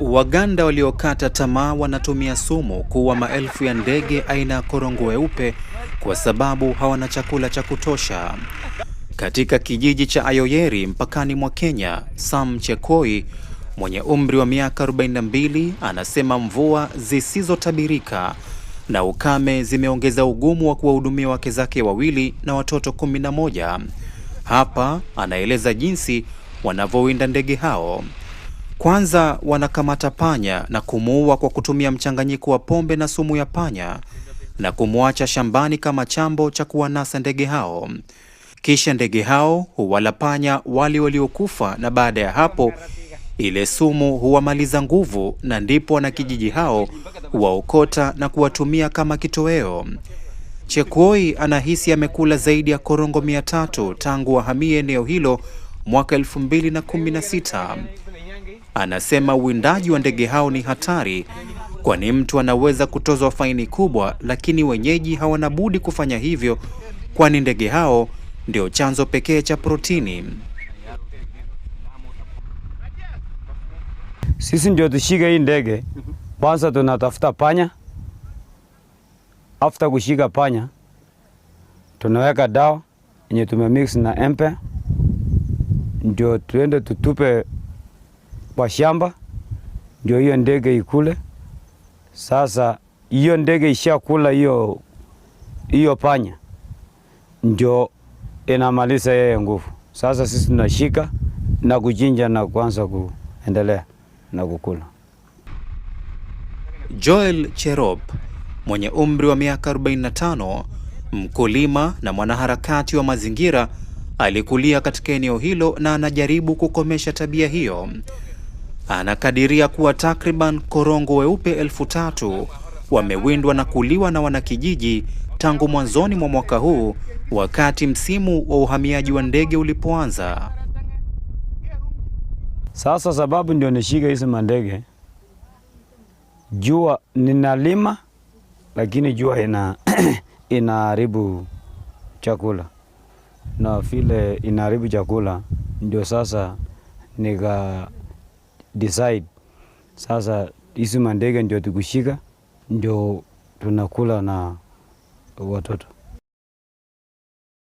Waganda waliokata tamaa wanatumia sumu kuua maelfu ya ndege aina ya korongo weupe kwa sababu hawana chakula cha kutosha. Katika kijiji cha Ayoyeri mpakani mwa Kenya, Sam Chekoi mwenye umri wa miaka 42 anasema mvua zisizotabirika na ukame zimeongeza ugumu wa kuwahudumia wake zake wawili na watoto 11. Hapa anaeleza jinsi wanavyowinda ndege hao. Kwanza wanakamata panya na kumuua kwa kutumia mchanganyiko wa pombe na sumu ya panya na kumwacha shambani kama chambo cha kuwanasa ndege hao. Kisha ndege hao huwala panya wale waliokufa, na baada ya hapo ile sumu huwamaliza nguvu, na ndipo wanakijiji hao huwaokota na kuwatumia kama kitoweo. Chekuoi anahisi amekula zaidi ya korongo mia tatu tangu wahamie eneo hilo mwaka elfu mbili na kumi na sita anasema uwindaji wa ndege hao ni hatari, kwani mtu anaweza kutozwa faini kubwa, lakini wenyeji hawana budi kufanya hivyo, kwani ndege hao ndio chanzo pekee cha protini. Sisi ndio tushike hii ndege kwanza, tunatafuta panya. After kushika panya, tunaweka dawa yenye tumemix na empe, ndio tuende tutupe kwa shamba, ndio hiyo ndege ikule. Sasa hiyo ndege ishakula hiyo hiyo panya, ndio inamaliza yeye nguvu. Sasa sisi tunashika na kuchinja na kuanza kuendelea na kukula. Joel Cherop mwenye umri wa miaka 45, mkulima na mwanaharakati wa mazingira, alikulia katika eneo hilo na anajaribu kukomesha tabia hiyo anakadiria kuwa takriban korongo weupe elfu tatu wamewindwa na kuliwa na wanakijiji tangu mwanzoni mwa mwaka huu wakati msimu wa uhamiaji wa ndege ulipoanza. Sasa sababu ndio nishika hizi mandege, jua ninalima, lakini jua ina inaharibu chakula na vile inaharibu chakula ndio sasa nika decide. Sasa hizi mandege ndio tukushika, ndio tunakula na watoto.